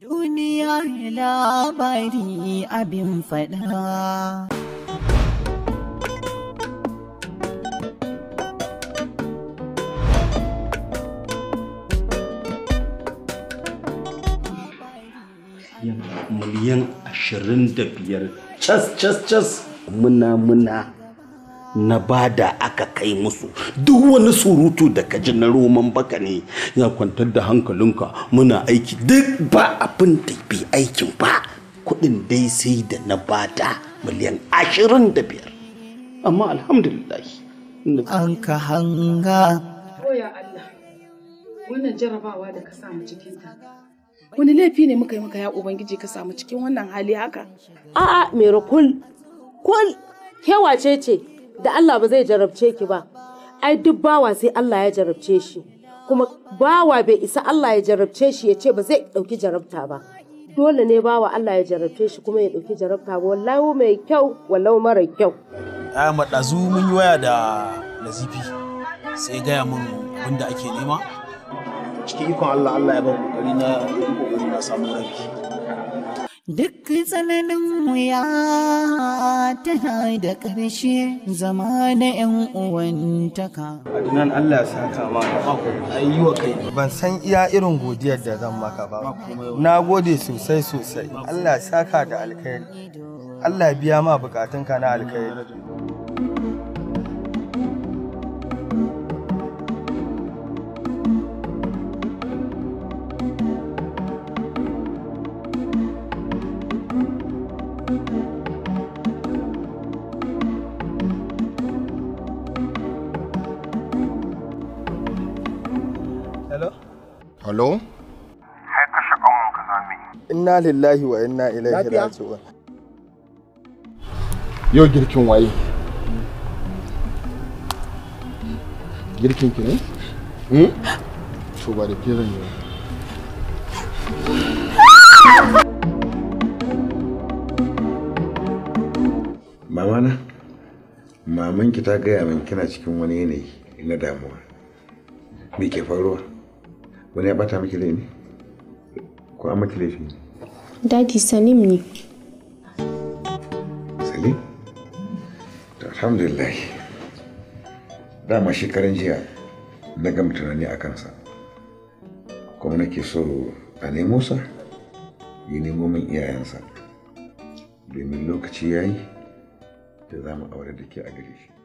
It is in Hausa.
Duniya labari abin faɗa. Miliyan ashirin da biyar cas cas cas muna muna na bada aka kai musu duk wani surutu da ka ji na roman baka ne ya kwantar da hankalinka muna aiki duk ba abin da bi aikin ba kudin dai sai da na bada miliyan ashirin da biyar amma alhamdulillah an ka hanga ya Allah wannan jarabawa da ka samu cikinta wani laifi ne muka yi maka ya ubangiji ka samu cikin wannan hali haka a'a mai kul kul kewace ce da Allah ba zai jarabce ki ba ai duk bawa sai Allah ya jarabce shi kuma bawa bai isa Allah ya jarabce shi ya ce ba zai ɗauki jarabta ba dole ne bawa Allah ya jarabce shi kuma ya ɗauki jarabta ba wallahi mai kyau wallahi mara kyau a madazu mun yi waya da lazifi sai gaya mun abinda ake nema cikin ikon Allah Allah ya ba kokari na kokari na samu rabi Duk tsananin wuya tana da ƙarshe zama da 'yan uwantaka. Adunan Allah sa kama yi wa kai. Ban san iya irin godiyar da zan maka ba. Na gode sosai sosai. Allah saka da alkhairi. Allah biya ma bukatunka na alkhairi. Hello? Hai ka ƙanwanka za ka zami. Inna lillahi wa inna ilaihi raji'un. Yau girkin waye? Girkin ki ne? Hmm? To ba da ke zan yi. Mamana, mamanki ta gaya min kina cikin wani yanayi na damuwa. Me ke faruwa? wani ya bata miki laifi ko an miki laifi dadi salim ne salim to alhamdulillah dama shekaran jiya na gama tunani a kansa kuma nake so a nemo sa ya nemo min iyayensa domin lokaci ya yi da za mu aure da ke a gare shi